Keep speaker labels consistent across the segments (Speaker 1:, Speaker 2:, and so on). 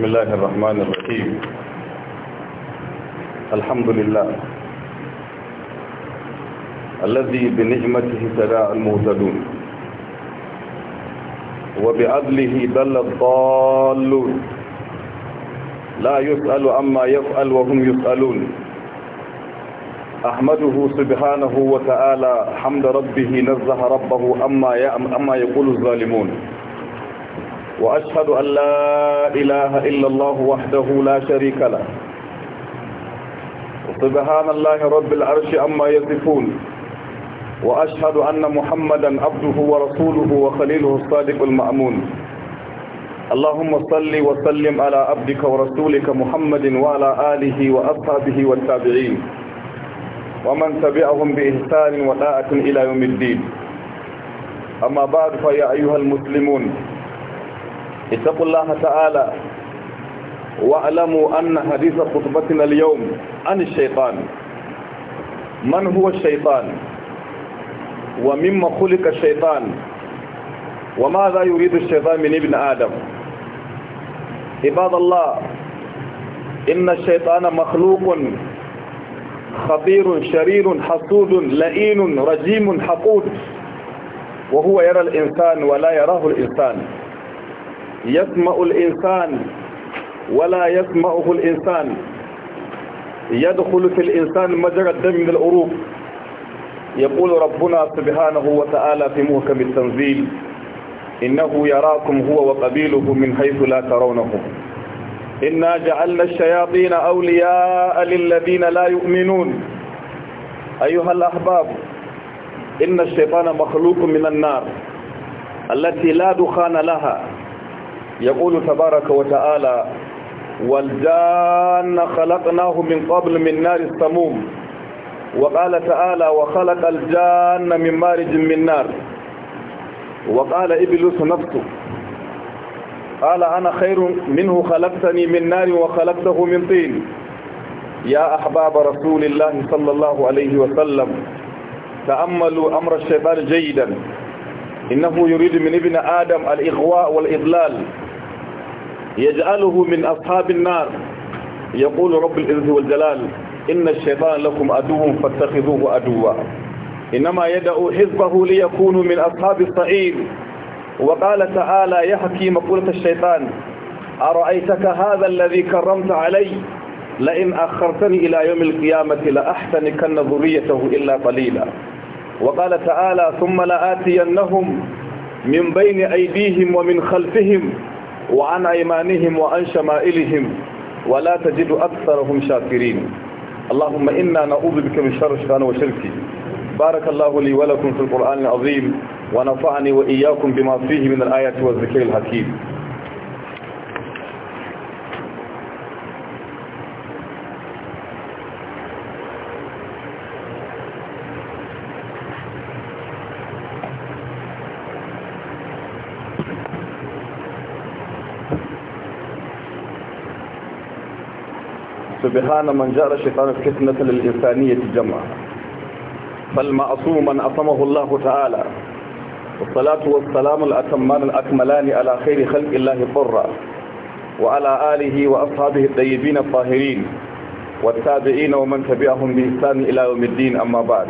Speaker 1: بسم الله الرحمن الرحيم الحمد لله الذي بنعمته سداء المهتدون وبعدله دل الضالون لا يسأل عما يفعل وهم يسألون أحمده سبحانه وتعالى حمد ربه نزه ربه أما, أما يقول الظالمون وأشهد أن لا إله إلا الله وحده لا شريك له سبحان الله رب العرش عما يصفون وأشهد أن محمدا عبده ورسوله وخليله الصادق المأمون اللهم صل وسلم على عبدك ورسولك محمد وعلى آله وأصحابه والتابعين ومن تبعهم بإحسان وطاعة إلى يوم الدين أما بعد فيا أيها المسلمون اتقوا الله تعالى واعلموا أن حديث خطبتنا اليوم عن الشيطان من هو الشيطان ومما خلق الشيطان وماذا يريد الشيطان من ابن آدم عباد الله إن الشيطان مخلوق خطير شرير حسود لئيم رجيم حقود وهو يرى الإنسان ولا يراه الإنسان يسمع الإنسان ولا يسمعه الإنسان يدخل في الإنسان مجرى الدم من الأروف يقول ربنا سبحانه وتعالى في محكم التنزيل إنه يراكم هو وقبيله من حيث لا ترونهم إنا جعلنا الشياطين أولياء للذين لا يؤمنون أيها الأحباب إن الشيطان مخلوق من النار التي لا دخان لها يقول تبارك وتعالى والجان خلقناه من قبل من نار السموم وقال تعالى وخلق الجان من مارج من نار وقال إبلس نفسه قال أنا خير منه خلقتني من نار وخلقته من طين يا أحباب رسول الله صلى الله عليه وسلم تأملوا أمر الشيطان جيدا إنه يريد من ابن آدم الإغواء والإضلال يجعله من أصحاب النار يقول رب العزة والجلال إن الشيطان لكم عدو فاتخذوه عدوا إنما يدعو حزبه ليكونوا من أصحاب الصعيد وقال تعالى يحكي مقولة الشيطان أرأيتك هذا الذي كرمت علي لئن أخرتني إلى يوم القيامة لأحتنكن ذريته إلا قليلا وقال تعالى ثم لآتينهم من بين أيديهم ومن خلفهم وعن أيمانهم وعن شمائلهم ولا تجد أكثرهم شاكرين اللهم إنا نعوذ بك من شر الشيطان وشركه بارك الله لي ولكم في القرآن العظيم ونفعني وإياكم بما فيه من الآيات والذكر الحكيم سبحان من جار الشيطان الفتنة للإنسانية جمعا فالمعصوم من أصمه الله تعالى والصلاة والسلام الأتمان الأكملان على خير خلق الله فرا وعلى آله وأصحابه الطيبين الطاهرين والتابعين ومن تبعهم بإحسان إلى يوم الدين أما بعد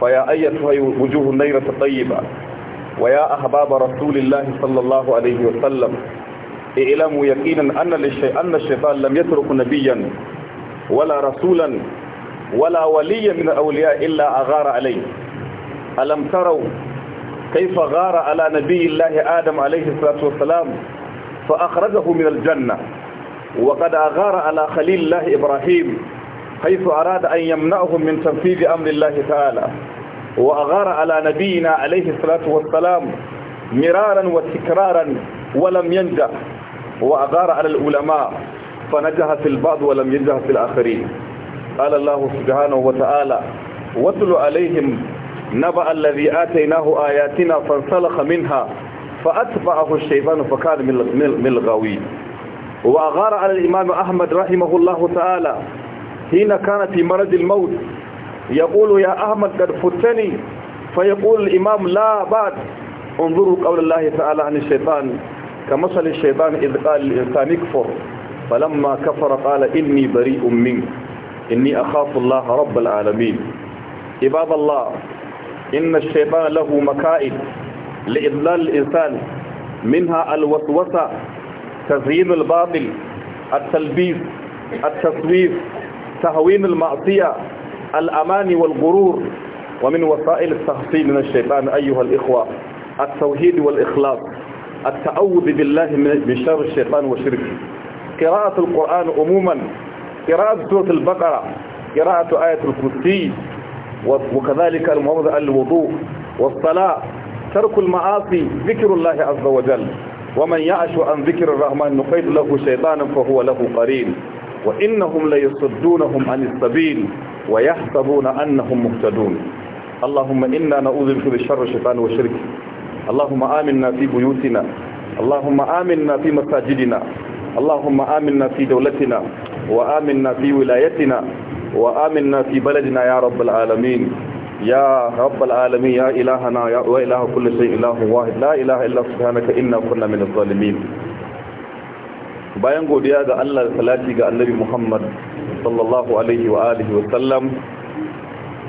Speaker 1: فيا أيتها وجوه النيرة الطيبة ويا أحباب رسول الله صلى الله عليه وسلم اعلموا يقينا أن, أن الشيطان لم يترك نبيا ولا رسولا ولا وليا من الأولياء إلا أغار عليه ألم تروا كيف غار على نبي الله آدم عليه الصلاة والسلام فأخرجه من الجنة وقد أغار على خليل الله إبراهيم حيث أراد أن يمنعه من تنفيذ أمر الله تعالى وأغار على نبينا عليه الصلاة والسلام مرارا وتكرارا ولم ينجح وأغار على العلماء فنجح في البعض ولم ينجح في الآخرين قال الله سبحانه وتعالى واتل عليهم نبأ الذي آتيناه آياتنا فانسلخ منها فأتبعه الشيطان فكان من الغوي وأغار على الإمام أحمد رحمه الله تعالى حين كان في مرض الموت يقول يا أحمد قد فتني فيقول الإمام لا بعد انظروا قول الله تعالى عن الشيطان كمثل الشيطان إذ قال الإنسان اكفر فلما كفر قال إني بريء منك إني أخاف الله رب العالمين عباد الله إن الشيطان له مكائد لإضلال الإنسان منها الوسوسة تزيين الباطل التلبيس التسويف تهوين المعصية الأمان والغرور ومن وسائل التحصيل من الشيطان أيها الإخوة التوحيد والإخلاص التعوذ بالله من شر الشيطان وشركه قراءة القرآن عموما قراءة سورة البقرة قراءة آية الكرسي وكذلك المعوذة الوضوء والصلاة ترك المعاصي ذكر الله عز وجل ومن يعش عن ذكر الرحمن نقيد له شيطانا فهو له قرين وإنهم ليصدونهم عن السبيل ويحسبون أنهم مهتدون اللهم إنا نعوذ بك من شر الشيطان وشركه اللهم آمنا في بيوتنا اللهم آمنا في مساجدنا اللهم آمنا في دولتنا وآمنا في ولايتنا وآمنا في بلدنا يا رب العالمين يا رب العالمين يا إلهنا يا وإله كل شيء إله واحد لا إله إلا سبحانك إنا كنا من الظالمين bayan godiya ga Allah da salati ga Annabi Muhammad sallallahu alaihi wa alihi wa sallam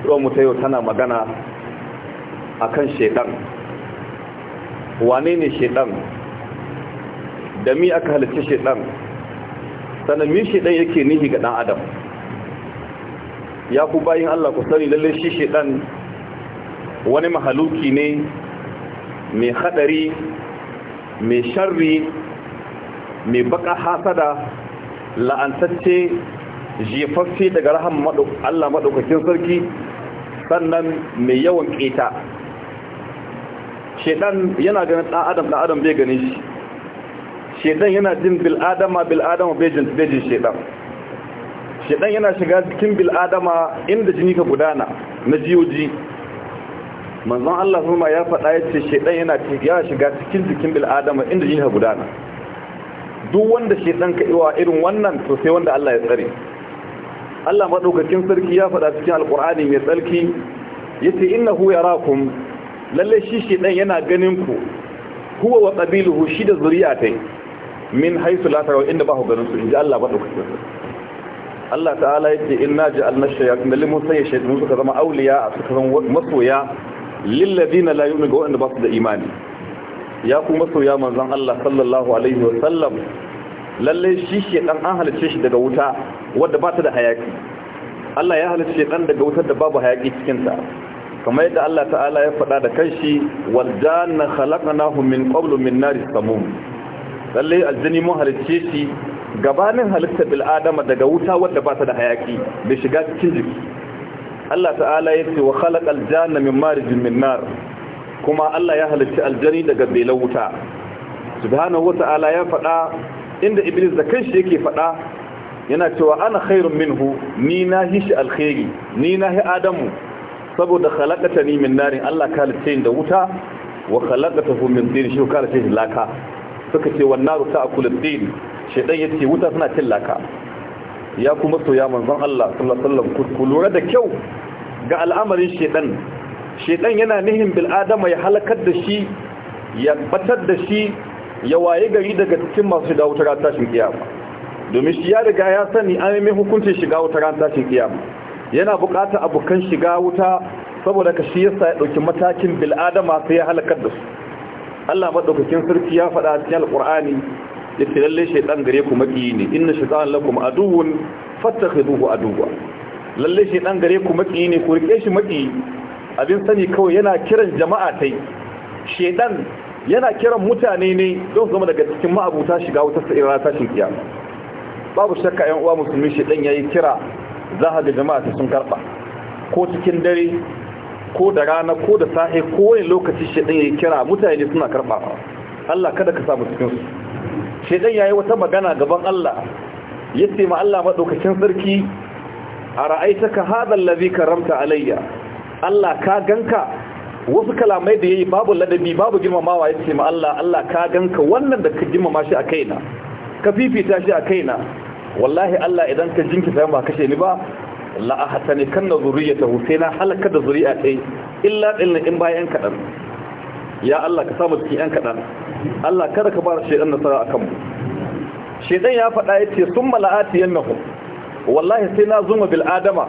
Speaker 1: ruwan mu tayo tana magana akan shedan wane ne shaidan da mi aka halarci shaidan sannan mi shaidan yake nihi ga ɗan adam ya ku bayin Allah ku sani lalle shi shaidan wani mahaluki ne mai hadari mai sharri mai baka hasada la'antacce jefaffe daga rahama, Allah maɗaukakin sarki sannan mai yawan ƙeta shaidan yana ganin ɗan adam ɗan adam bai gane shi shaidan yana jin bil'adama bil'adama bai jin shaidan shaidan yana shiga cikin bil'adama inda jini ka gudana na jiyoji manzon Allah kuma ya faɗa ya ce shaidan yana ya shiga cikin jikin bil'adama inda jini ka gudana duk wanda shaidan ka iwa irin wannan to sai wanda Allah ya tsare Allah madaukakin sarki ya faɗa cikin Alƙur'ani mai tsarki yace innahu yarakum lalle shi shi dan yana ganin ku huwa wa qabiluhu shi da zuriyatai min haythu la taraw inda ba ku ganin su inda Allah ba daukakin Allah ta'ala yace inna ja'alna shayatin lil musayyi shaytanu suka zama awliya suka zama masoya lil ladina la yu'minu wa inda ba su da imani ya ku masoya manzon Allah sallallahu alaihi wa sallam lalle shi shi dan an halice shi daga wuta wadda ba ta da hayaki Allah ya halice dan daga wutar da babu hayaki cikin ta kamar yadda Allah ta'ala ya faɗa da kanshi waljanna khalaqnahu min qablu min naris samum lalle aljini mun halicce shi gabanin halitta bil adama daga wuta wadda ba ta da hayaki bai shiga cikin jiki Allah ta'ala ya ce wa khalaqal janna min marijin min nar kuma Allah ya halicci aljani daga belan wuta subhanahu wa ta'ala ya faɗa inda iblis da kanshi yake faɗa yana cewa ana khairun minhu ni na hishi alkhairi ni na hi adamu saboda khalaqata ni min narin Allah ka halitta da wuta wa khalaqatahu min tin shi ka halitta laka suka ce wan naru ta'kulu din shedan yace wuta suna cin laka ya kuma soya manzon Allah sallallahu alaihi wasallam ku lura da kyau ga al'amarin shedan shedan yana nihin bil adama ya halakar da shi ya batar da shi ya waye gari daga cikin masu shiga wuta ran tashin kiyama domin shi ya riga ya sani an yi hukuncin shiga wuta ran tashin kiyama yana bukata abokan shiga wuta saboda ka shi yasa ya dauki matakin bil'adama sai ya halakar da su Allah madaukakin sarki ya faɗa cikin alqur'ani yace lalle shaytan gare ku maki ne inna shaytan lakum aduwwun fattakhiduhu aduwwa lalle shaytan gare ku maki ne ku rike shi maki abin sani kawai yana kiran jama'a tai shaytan yana kiran mutane ne don zama daga cikin ma'abuta shiga wutar sa'ira tashin kiyama babu shakka yan uwa musulmi shaytan yayi kira za ga jama'a ta sun karba ko cikin dare ko da rana ko da sahe ko wani lokaci shaɗin ya kira mutane suna karɓa Allah kada ka samu cikin su ya yi wata magana gaban Allah Ya ce ma Allah maɗaukacin sarki a ka hadha allazi karamta alayya Allah ka ganka wasu kalamai da ya yi babu ladabi babu girmamawa ya ce ma Allah Allah ka ganka wannan da ka girmama shi a kaina ka fifita shi a kaina wallahi Allah idan ka jinkita ba kashe ni ba la a hatane kan na zuriya ta sai na halaka da zuriya ta illa ɗin in bayan kaɗan ya Allah ka samu cikin 'yan kaɗan Allah kada ka bar shi shaidan nasara a kanmu shaidan ya faɗa ya ce sun mala'ati yannahu wallahi sai na zuma bil adama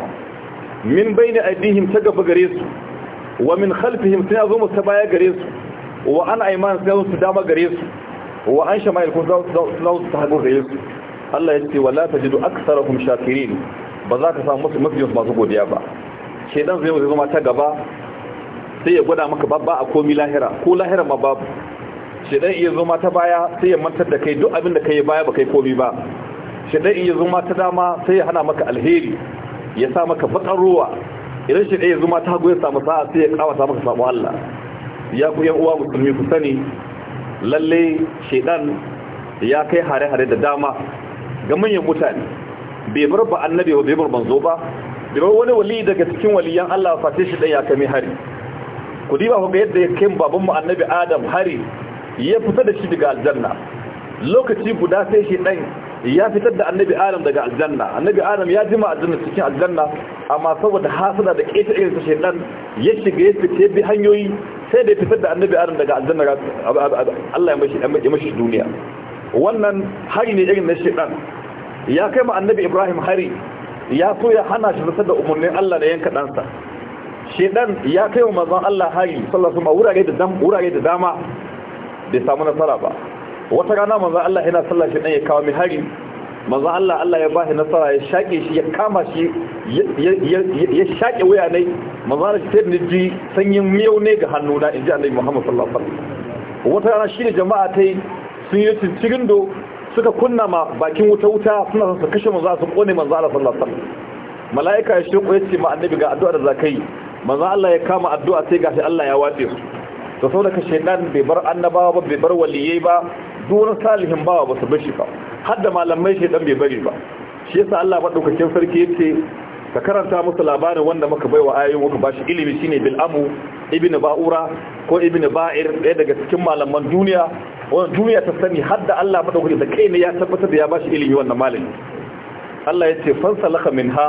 Speaker 1: min bayni aidihim ta gaba gare su wa min khalfihim sai na zuma ta baya gare su wa an aiman sai na su dama gare su wa an shama'il kun za su ta hagu gare su Allah ya ce wala tajidu aksarahum shakirin ba za ka samu mafi masu godiya ba shaidan zai zai zuma ta gaba sai ya gwada maka babba a komi lahira ko lahira ma babu shaidan iya zuma ta baya sai ya mantar da kai duk abin da kai baya ba kai komi ba shaidan iya zuma ta dama sai ya hana maka alheri ya sa maka bakar ruwa idan shaidan ya zuma ta goya samu sa'a sai ya kawata maka samu Allah ya ku yan uwa musulmi ku sani lalle shaidan ya kai hare-hare da dama ga manyan mutane bai bar ba annabi ba bai bar manzo ba bai bar wani wali daga cikin waliyan Allah fate shi daya kame hari ku diba ku ga yadda ya kai baban mu annabi Adam hari ya fita da shi daga aljanna lokaci guda sai shi dan ya fitar da annabi Adam daga aljanna annabi Adam ya jima aljanna cikin aljanna amma saboda hasada da kaita irin ta shedan ya shiga ya fice bi hanyoyi sai da ya fitar da annabi Adam daga aljanna Allah ya mashi ya mashi duniya wannan hari ne irin na shedan ya kai ma annabi ibrahim hari ya so ya hana shi rasar da umarnin allah da yanka ɗansa ɗan ya kai wa mazan allah hari sallallahu ma wurare da dama da bai samu nasara ba wata rana mazan allah yana sallah shi ya kawo mai hari mazan allah allah ya bashi nasara ya shaƙe shi ya kama shi ya shaƙe wuya ne mazan allah shi sai ji sanyin miyau ne ga na in ji annabi muhammad sallallahu alaihi wata rana shi ne jama'a ta yi sun yi cincirindo suka kunna ma bakin wuta wuta suna son kashe manzo su kone manzo Allah sallallahu alaihi wasallam malaika ya shirko yace ma annabi ga addu'a da zakai manzo Allah ya kama addu'a sai gashi Allah ya wace su to saboda ka shedan bai bar annabawa ba bai bar waliyai ba duwar salihin bawa ba su bar shi ba har da malamai shedan bai bari ba shi yasa Allah madaukakin sarki yace ka karanta musu labarin wanda muka baiwa ayoyin muka bashi ilimi shine bil'amu ibnu ba'ura ko ibnu ba'ir ɗaya daga cikin malaman duniya wannan duniya ta sani har da Allah madaukaki da kai ne ya tabbatar da ya bashi ilimi wannan malami Allah ya ce fansalaka minha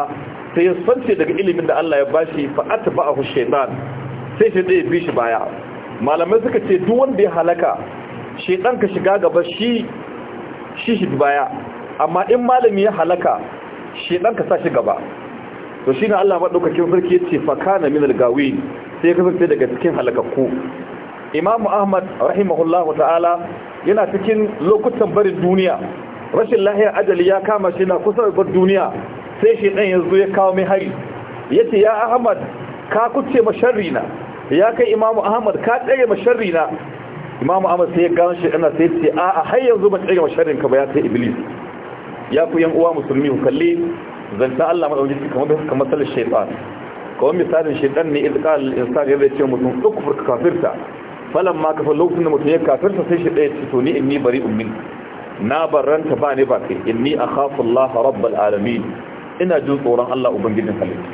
Speaker 1: sai ya sance daga ilimin da Allah ya bashi fa atba'ahu shaytan sai shi dai bi shi baya malamai suka ce duk wanda ya halaka shaytan ka shiga gaba shi shi shi baya amma in malami ya halaka shaytan ka sa shi gaba to shine Allah madaukakin sarki ya ce fa kana min rigawi, gawi sai ya kasance daga cikin halakakku imamu ahmad rahimahullahu ta'ala yana cikin lokutan barin duniya rashin lahiyar ajali ya kama shi na kusa bar duniya sai shi ɗan yanzu ya kawo mai hari ya ce ya ahmad ka kuce masharri na ya kai imamu ahmad ka tsere masharri na imamu ahmad sai ya gano shi ɗana sai ce a har yanzu ba tsere masharrin ka ba ya sai iblis ya ku yan uwa musulmi ku kalli ta allah maɗauki kamar kamar salar shaitan kawai misalin shaitan ne izkal insan yadda ya ce mutum furka kafirta falan ma kafa lokacin da mutum ya kafirta sai shi ɗaya ce to ni in ni bari ummin na barranta ba ne ba kai in ni a khafin laha rabbal alamin ina jin tsoron Allah ubangijin halittu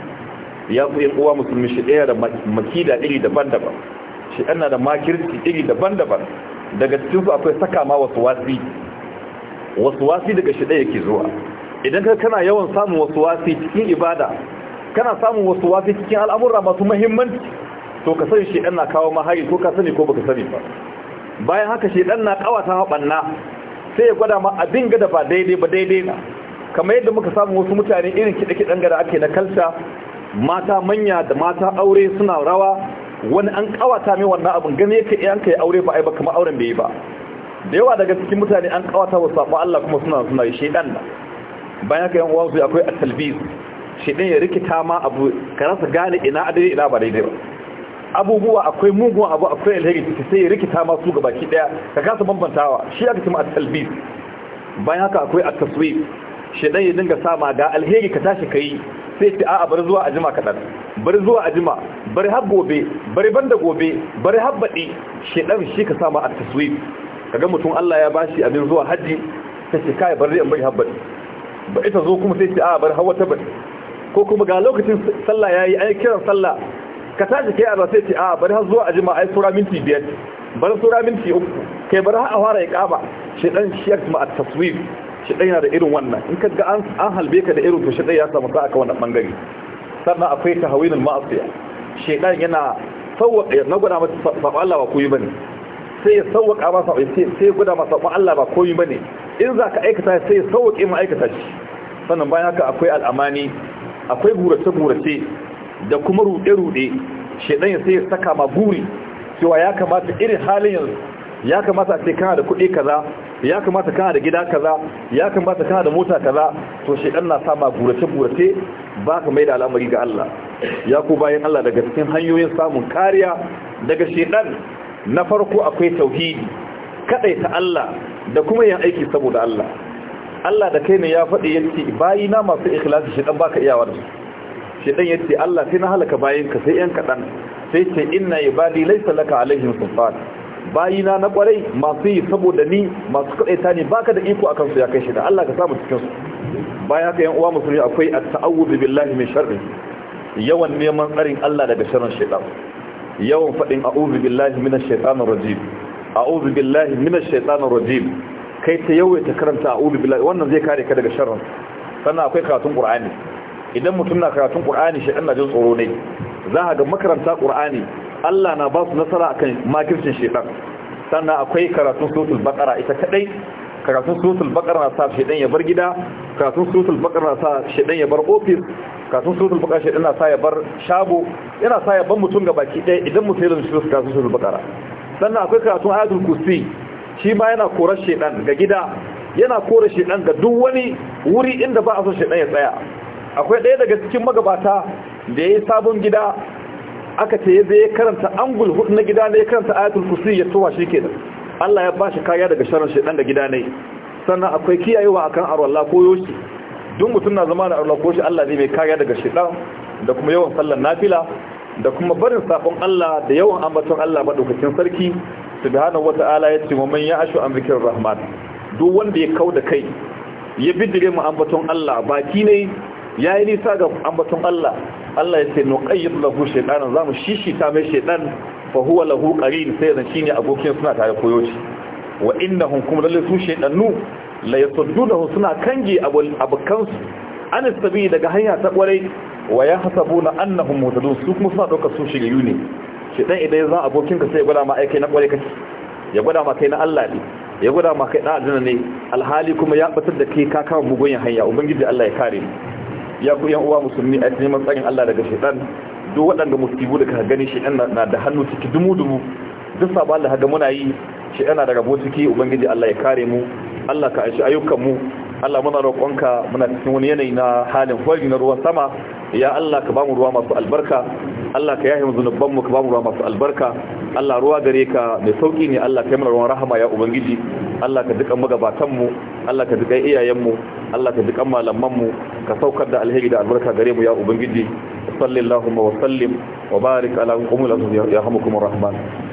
Speaker 1: ya ku yin uwa musulmi shi ɗaya da makida iri daban-daban shi ana da makirci iri daban-daban daga cikin su akwai saka ma wasu wasi wasu wasi daga shi ɗaya ke zuwa idan ka kana yawan samun wasu wasi cikin ibada kana samun wasu wasi cikin al'amura masu muhimmanci to ka sani shedan na kawo mahari ko ka sani ko baka sani ba bayan haka shedan na kawata haɓanna sai ya gwada ma abin gada ba daidai ba daidai na kamar yadda muka samu wasu mutane irin kiɗe kiɗan gada ake na kalsa mata manya da mata aure suna rawa wani an kawata mai wannan abin gane ya kai an kai aure ba ai ba kamar auren bai ba da yawa daga cikin mutane an kawata wa sabo Allah kuma suna suna yi shedan na bayan haka yan uwa akwai at-talbiz shedan ya rikita ma abu ka rasa gane ina adai ina ba daidai ba abubuwa akwai mugun abu akwai alheri ciki sai ya rikita masu gaba ki daya ka kasa bambantawa shi aka cima at-talbis bayan haka akwai at-taswif dan ya dinga sama ga alheri ka tashi kai sai ta a'a bar zuwa ajima kadan bar zuwa ajima bar har gobe bar banda gobe bar har shi dan shi ka sama at-taswif kaga mutum Allah ya bashi abin zuwa haji sai ce kai bar zai bar har badi ba ita zo kuma sai ta a bar har wata badi ko kuma ga lokacin sallah yayi ai kiran sallah ka ta kai azan sai ce a bari har zuwa ajima ai sura minti biyar bari sura minti uku kai bari har a fara ya kaba shi dan shiyar kuma a taswif shi dan yana da irin wannan in ka ga an an halbe ka da irin to shi dan ya samu sa'a ka wannan bangare sannan akwai tahawinul ma'asiya dan yana sauwaka na gwada masa sabon Allah ba koyi bane sai ya ba sabon sai sai gwada masa sabon Allah ba koyi bane in za ka aikata sai ya sauwake ma aikata shi sannan bayan haka akwai al'amani akwai gurace-gurace da kuma ruɗe-ruɗe shaidan ya sai ya saka ma buri cewa ya kamata irin halin yanzu ya kamata a ce kana da kuɗi kaza ya kamata kana da gida kaza ya kamata kana da mota kaza to shaidan na sa ma burace gurace ba ka mai da al'amari ga Allah ya ku bayan Allah daga cikin hanyoyin samun kariya daga shaidan na farko akwai tauhidi kadai ta Allah da kuma yin aiki saboda Allah Allah da kai ne ya faɗi yanki bayi na masu ikhlasi shaidan baka iyawa da su shedan yace Allah sai na halaka ka sai yan kadan sai ce inna ibadi laysa laka alaihim sultan bayina na kwarai masu yi saboda ni masu kadaita ne baka da iko akan su ya kai shida. Allah ka samu cikin su bayan haka yan uwa musulmi akwai at-ta'awudhu billahi min sharri yawan neman tsarin Allah daga sharrin shaytan yawan fadin a'udhu billahi minash shaitanir rajim a'udhu billahi minash shaitanir rajim kai ta yawaita karanta a'udhu billahi wannan zai kare ka daga sharrin sannan akwai karatun qur'ani idan mutum na karatun ƙur'ani shi na jin tsoro ne za a ga makaranta ƙur'ani Allah na ba su nasara kan makircin ɗan. sannan akwai karatun sotul bakara ita kadai karatun sotul bakara na sa shedan ya bar gida karatun sotul bakara na sa shedan ya bar ofis karatun suratul shi shedan na sa ya bar shago yana sa ya ban mutum ga baki ɗaya idan mutum ya rubuta karatun sotul bakara sannan akwai karatun ayatul kusi shi ma yana korar shedan ga gida yana kore shedan ga duk wani wuri inda ba a son shedan ya tsaya akwai ɗaya daga cikin magabata da ya yi sabon gida aka ce ya zai karanta angul hudu na gida ne ya karanta ayatul kusur ya tuwa shi ke Allah ya bashi kaya daga sharar shedan da gida ne sannan akwai kiyayewa akan arwallah ko yoshi duk mutum na zama da arwallah ko shi Allah ne mai kaya daga shedan da kuma yawan sallar nafila da kuma barin sabon Allah da yawan ambaton Allah madaukakin sarki subhanahu wata'ala ya ce man ya ashu an zikir rahman duk wanda ya kau da kai ya bidire mu ambaton Allah baki ne ya yi nisa ga ambaton Allah Allah ya ce nuqayyid lahu shaytanan zamu shishita mai shaytan fa huwa lahu qarin sai zan shine abokin suna tare koyoci wa innahum kum lalle su shaytanu la yasuddunahu suna kange abokansu su an sabi daga hanya ta kwarai wa yahsabuna annahum muhtadun su kuma suna dauka su shiriyu ne shaytan idan ya abokin ka sai ya gwada ma aikai na kwarai kake ya gwada ma kai na Allah ne ya gwada ma kai na aljanna ne alhali kuma ya batar da kai ka kama mugun hanya ubangiji Allah ya kare ni ya ku yan uwa musulmi a cikin matsayin Allah daga shaitan duk waɗanda musulmi da ka gani shaitan na da hannu ciki dumu dumu duk sabon Allah haga muna yi shaitan na da rabo ciki ubangiji Allah ya kare mu Allah ka aishi ayyukan mu Allah muna roƙonka muna cikin wani yanayi na halin fari na ruwan sama ya Allah ka ba mu ruwa masu albarka Allah ka yahe mu zunuban mu ka ba mu ruwa masu albarka Allah ruwa gare ka mai sauki ne Allah ka yi mana ruwan rahama ya ubangiji Allah ka dukan magabatan mu Allah ka dukan iyayen mu Allah ka dukan malaman mu ka saukar da alheri da albarka gare mu ya ubangiji sallallahu wa sallim wa barik ala qumul ya rahmukumur rahman